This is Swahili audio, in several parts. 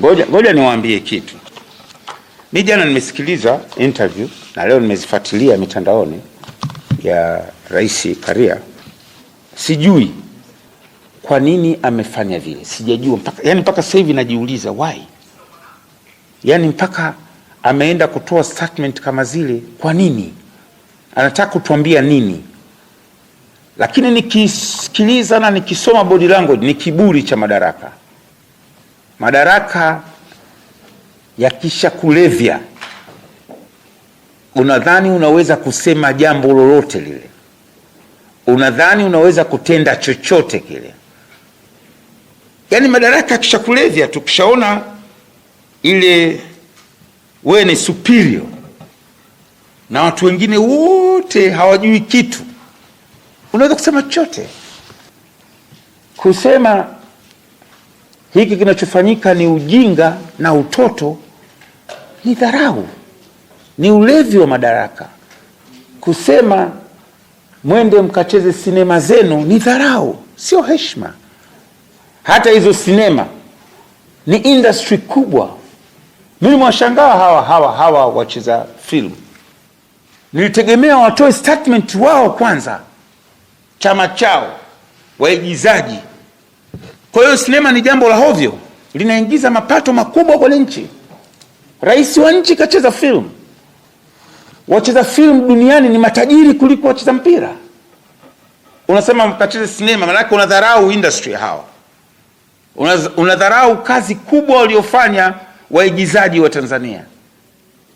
Ngoja ngoja niwaambie kitu. Mi jana nimesikiliza interview na leo nimezifuatilia mitandaoni ya Rais Karia. Sijui kwa nini amefanya vile, sijajua mpaka yani, mpaka sasa hivi najiuliza why, Yaani mpaka ameenda kutoa statement kama zile, kwa nini anataka kutuambia nini? Lakini nikisikiliza na nikisoma body language, ni kiburi cha madaraka. Madaraka yakisha kulevya, unadhani unaweza kusema jambo lolote lile, unadhani unaweza kutenda chochote kile. Yaani madaraka yakisha kulevya, tukishaona ile wewe ni superior na watu wengine wote hawajui kitu, unaweza kusema chochote kusema hiki kinachofanyika ni ujinga na utoto, ni dharau, ni ulevi wa madaraka. Kusema mwende mkacheze sinema zenu ni dharau, sio heshima. Hata hizo sinema ni industry kubwa. Mimi mwashangaa hawa hawa hawa wacheza filamu, nilitegemea watoe statement wao kwanza, chama chao, waigizaji kwa hiyo sinema ni jambo la hovyo, linaingiza mapato makubwa kwa nchi. Rais wa nchi kacheza filamu. Wacheza filamu duniani ni matajiri kuliko wacheza mpira. Unasema mkacheze sinema, maanake unadharau industry hawa, unadharau kazi kubwa waliofanya waigizaji wa Tanzania.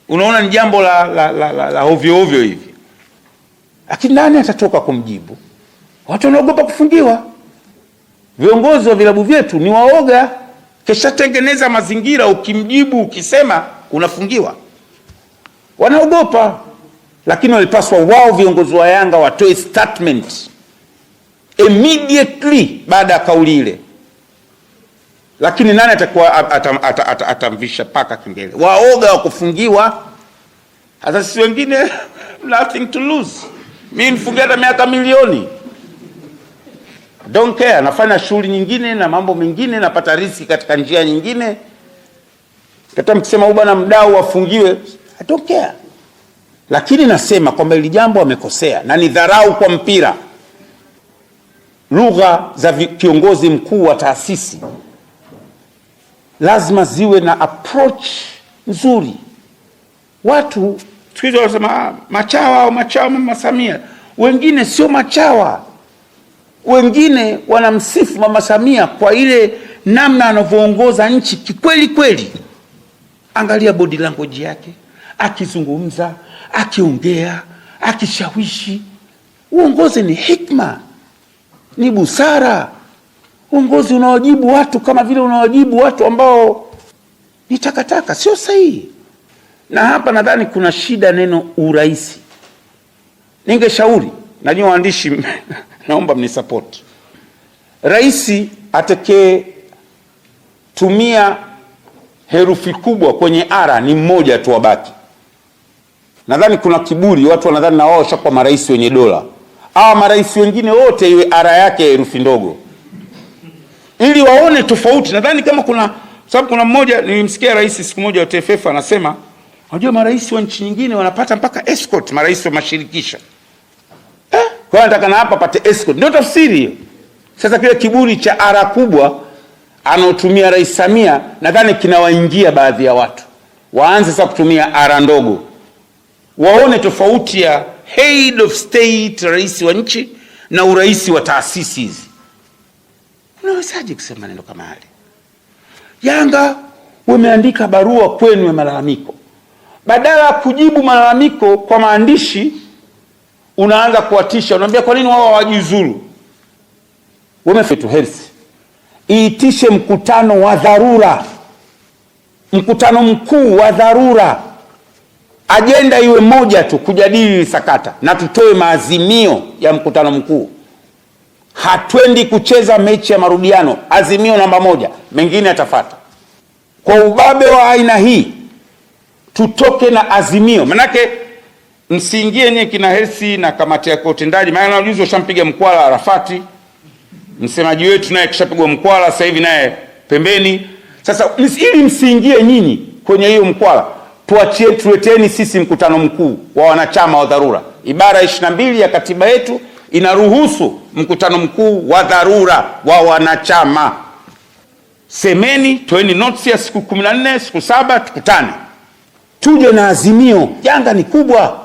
Unaona ni jambo la, la, la, la, la hovyo hovyo hivi, lakini nani atatoka kumjibu? Watu wanaogopa kufungiwa. Viongozi wa vilabu vyetu ni waoga, keshatengeneza mazingira, ukimjibu ukisema unafungiwa. Wanaogopa, lakini walipaswa wao viongozi wa Yanga watoe statement immediately baada ya kauli ile. Lakini nani atakuwa atamvisha ata, ata, ata paka kengele? Waoga wa kufungiwa. Hata sisi wengine nothing to lose, mi nifungia hata miaka milioni don't care, anafanya shughuli nyingine na mambo mengine, napata riski katika njia nyingine. Kata mkisema huyu bwana mdau afungiwe, I don't care, lakini nasema kwamba hili jambo amekosea na ni dharau kwa mpira. Lugha za kiongozi mkuu wa taasisi lazima ziwe na approach nzuri. Watu siku hizi wanasema ah, machawa au machawa Mama Samia, wengine sio machawa wengine wanamsifu Mama Samia kwa ile namna anavyoongoza nchi kikweli kweli. Angalia body language yake, akizungumza, akiongea, akishawishi. Uongozi ni hikma, ni busara. Uongozi unawajibu watu kama vile unawajibu watu ambao ni takataka, sio sahihi. Na hapa nadhani kuna shida neno urais. Ningeshauri, najua waandishi naomba mnisapoti. Rais atakee tumia herufi kubwa kwenye ara ni mmoja tu wabaki. Nadhani kuna kiburi, watu wanadhani na wao washakuwa marais wenye dola. Hawa marais wengine wote iwe ara yake herufi ndogo, ili waone tofauti. Nadhani kama kuna sababu, kuna mmoja nilimsikia rais siku moja wa TFF anasema, unajua marais wa nchi nyingine wanapata mpaka escort, marais wa mashirikisha kwa hiyo nataka na hapa pate escort, ndio tafsiri hiyo. Sasa kile kiburi cha ara kubwa anaotumia Rais Samia nadhani kinawaingia baadhi ya watu, waanze sasa kutumia ara ndogo, waone tofauti ya head of state, rais wa nchi na urais wa taasisi hizi. Unawezaje kusema neno kama hili? Yanga wameandika barua kwenu ya malalamiko, badala ya kujibu malalamiko kwa maandishi unaanza kuwatisha, unaambia kwa nini wao hawajiuzuru? iitishe mkutano wa dharura, mkutano mkuu wa dharura, ajenda iwe moja tu, kujadili sakata na tutoe maazimio ya mkutano mkuu. Hatwendi kucheza mechi ya marudiano, azimio namba moja, mengine yatafata Kwa ubabe wa aina hii tutoke na azimio, manake msiingie nyie kina hesi na kamati yake utendaji, maana ujuzi washampiga mkwala Arafati, msemaji wetu naye kishapigwa mkwala, sasa hivi naye pembeni. Sasa ili msiingie nyinyi kwenye hiyo mkwala, tuachie tuleteni sisi mkutano mkuu wa wanachama wa dharura. Ibara ishirini na mbili ya katiba yetu inaruhusu mkutano mkuu wa dharura wa wanachama. Semeni, toeni notisi ya siku kumi na nne siku saba, tukutane tuje na azimio. Janga ni kubwa.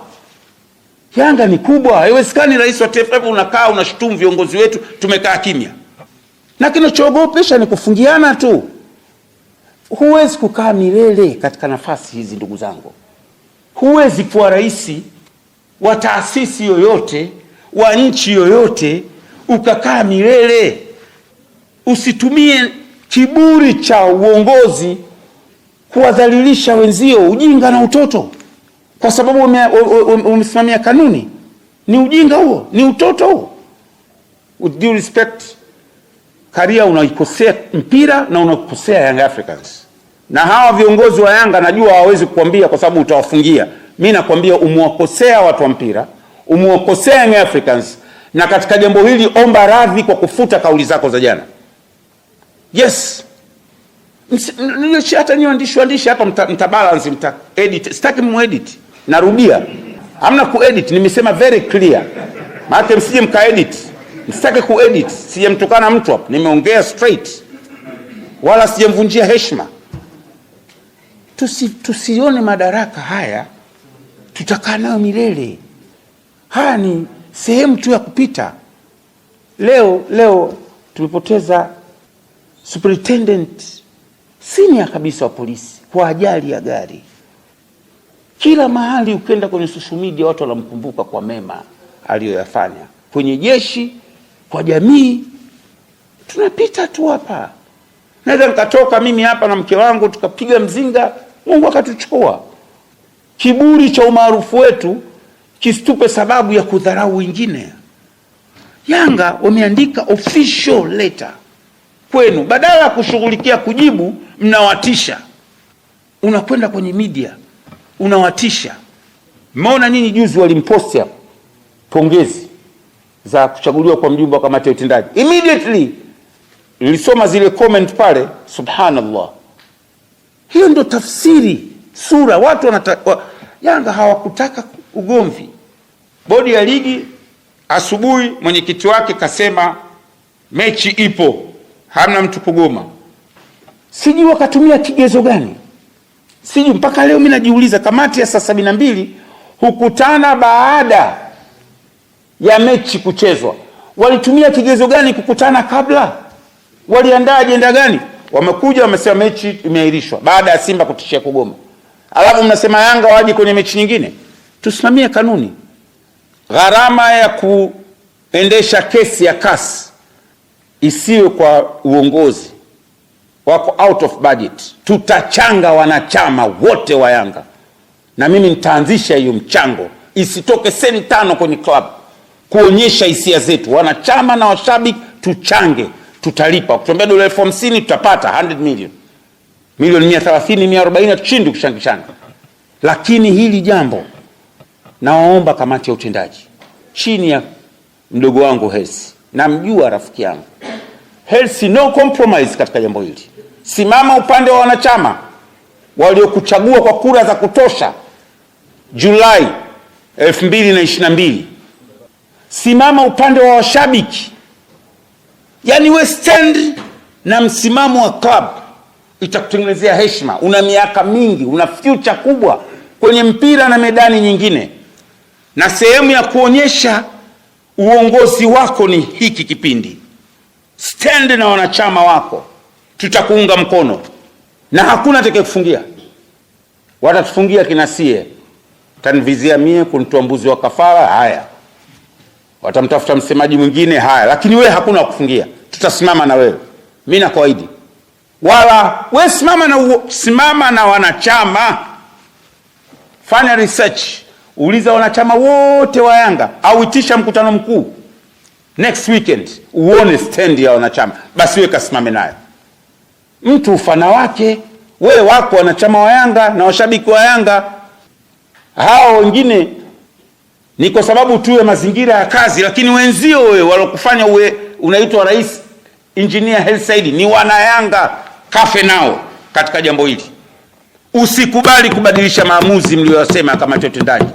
Yanga ni kubwa, haiwezekani. Rais wa TFF unakaa unashutumu viongozi wetu, tumekaa kimya, na kinachoogopesha ni kufungiana tu. Huwezi kukaa milele katika nafasi hizi, ndugu zangu. Huwezi kuwa rais wa taasisi yoyote wa nchi yoyote ukakaa milele. Usitumie kiburi cha uongozi kuwadhalilisha wenzio, ujinga na utoto kwa sababu umesimamia kanuni. Ni ujinga huo, ni utoto huo. With due respect, Karia unaikosea mpira na unakosea Young Africans na hawa viongozi wa Yanga najua hawawezi kukwambia kwa sababu utawafungia. Mi nakwambia umewakosea watu wa mpira, umewakosea Young Africans, na katika jambo hili omba radhi kwa kufuta kauli zako za jana. Yes, hata nyi waandishi waandishi hapa mtabalansi, mta mta edit, sitaki muedit Narudia, hamna kuedit, nimesema very clear, maana msije mkaedit. Msitake kuedit, sijamtukana mtu hapa, nimeongea straight, wala sijamvunjia heshima. Tusi, tusione madaraka haya tutakaa nayo milele. Haya ni sehemu tu ya kupita. Leo leo tumepoteza superintendent senior kabisa wa polisi kwa ajali ya gari. Kila mahali ukienda kwenye social media watu wanamkumbuka kwa mema aliyoyafanya kwenye jeshi, kwa jamii. Tunapita tu hapa, naweza nikatoka mimi hapa na mke wangu tukapiga mzinga, Mungu akatuchukua Kiburi cha umaarufu wetu kisitupe sababu ya kudharau wengine. Yanga wameandika official letter kwenu, badala ya kushughulikia kujibu, mnawatisha, unakwenda kwenye media unawatisha. Mmeona nyinyi juzi walimposti hapo pongezi za kuchaguliwa kwa mjumbe wa kamati ya utendaji. Immediately nilisoma zile comment pale, subhanallah. Hiyo ndio tafsiri sura watu wanata, wa, Yanga hawakutaka ugomvi. Bodi ya ligi asubuhi, mwenyekiti wake kasema mechi ipo, hamna mtu kugoma. Sijui wakatumia kigezo gani. Sijui mpaka leo mimi najiuliza, kamati ya saa sabini na mbili hukutana baada ya mechi kuchezwa. Walitumia kigezo gani kukutana kabla? Waliandaa ajenda gani? Wamekuja wamesema mechi imeahirishwa baada ya Simba kutishia kugoma, alafu mnasema Yanga waje kwenye mechi nyingine. Tusimamie kanuni. Gharama ya kuendesha kesi ya kasi isiwe kwa uongozi wako out of budget. Tutachanga wanachama wote wa Yanga na mimi nitaanzisha hiyo mchango, isitoke senti tano kwenye club, kuonyesha hisia zetu. Wanachama na washabiki tuchange, tutalipa. Kutuambia dola elfu hamsini tutapata 100 million milioni mia thelathini mia arobaini kushangishana. Lakini hili jambo nawaomba kamati ya utendaji chini ya mdogo wangu Hersi, namjua rafiki yangu Health no compromise katika jambo hili. Simama upande wa wanachama waliokuchagua kwa kura za kutosha Julai 2022. Simama upande wa washabiki, yaani we stand na msimamo wa club, itakutengenezea heshima. Una miaka mingi, una future kubwa kwenye mpira na medani nyingine, na sehemu ya kuonyesha uongozi wako ni hiki kipindi stand na wanachama wako, tutakuunga mkono na hakuna atakayekufungia. Watatufungia kinasie tanvizia mie kunitoa mbuzi wa kafara, haya watamtafuta msemaji mwingine, haya lakini we hakuna kufungia, tutasimama na wewe. Mimi nakuahidi, wala we simama na uo, simama na wanachama, fanya research, uliza wanachama wote wa Yanga au itisha mkutano mkuu next weekend uone stendi ya wanachama, basi wewe kasimame nayo. Mtu ufana wake wewe, wako wanachama wa Yanga na washabiki wa Yanga. Hao wengine ni kwa sababu tuwe mazingira ya kazi, lakini wenzio wewe walokufanya uwe unaitwa rais Engineer Hersi ni ni wanayanga. Kafe nao katika jambo hili, usikubali kubadilisha maamuzi mliyosema kamati ya utendaji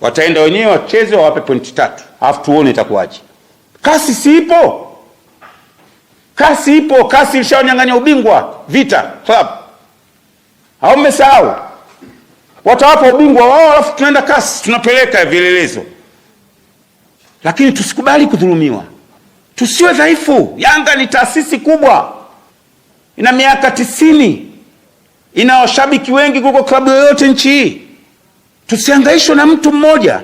wataenda wenyewe wacheze, wawape pointi tatu, alafu tuone itakuwaje. Kasi si ipo, kasi ipo, kasi ilishawanyang'anya ubingwa Vita Club, au mmesahau? Watawapa ubingwa wao, alafu tunaenda kasi, tunapeleka vielelezo. Lakini tusikubali kudhulumiwa, tusiwe dhaifu. Yanga ni taasisi kubwa, ina miaka tisini, ina washabiki wengi kuliko klabu yoyote nchi hii. Tusihangaishwe na mtu mmoja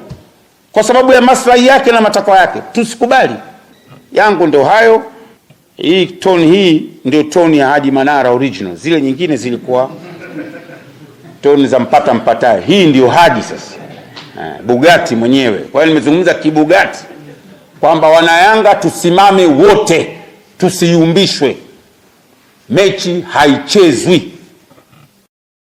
kwa sababu ya maslahi yake na matakwa yake, tusikubali. Yangu ndio hayo. Hii toni hii ndio toni ya Haji Manara original, zile nyingine zilikuwa toni za mpata mpatae Hii ndio Haji sasa, eh, bugati mwenyewe. Kwa hiyo nimezungumza kibugati kwamba wanayanga tusimame wote, tusiumbishwe, mechi haichezwi.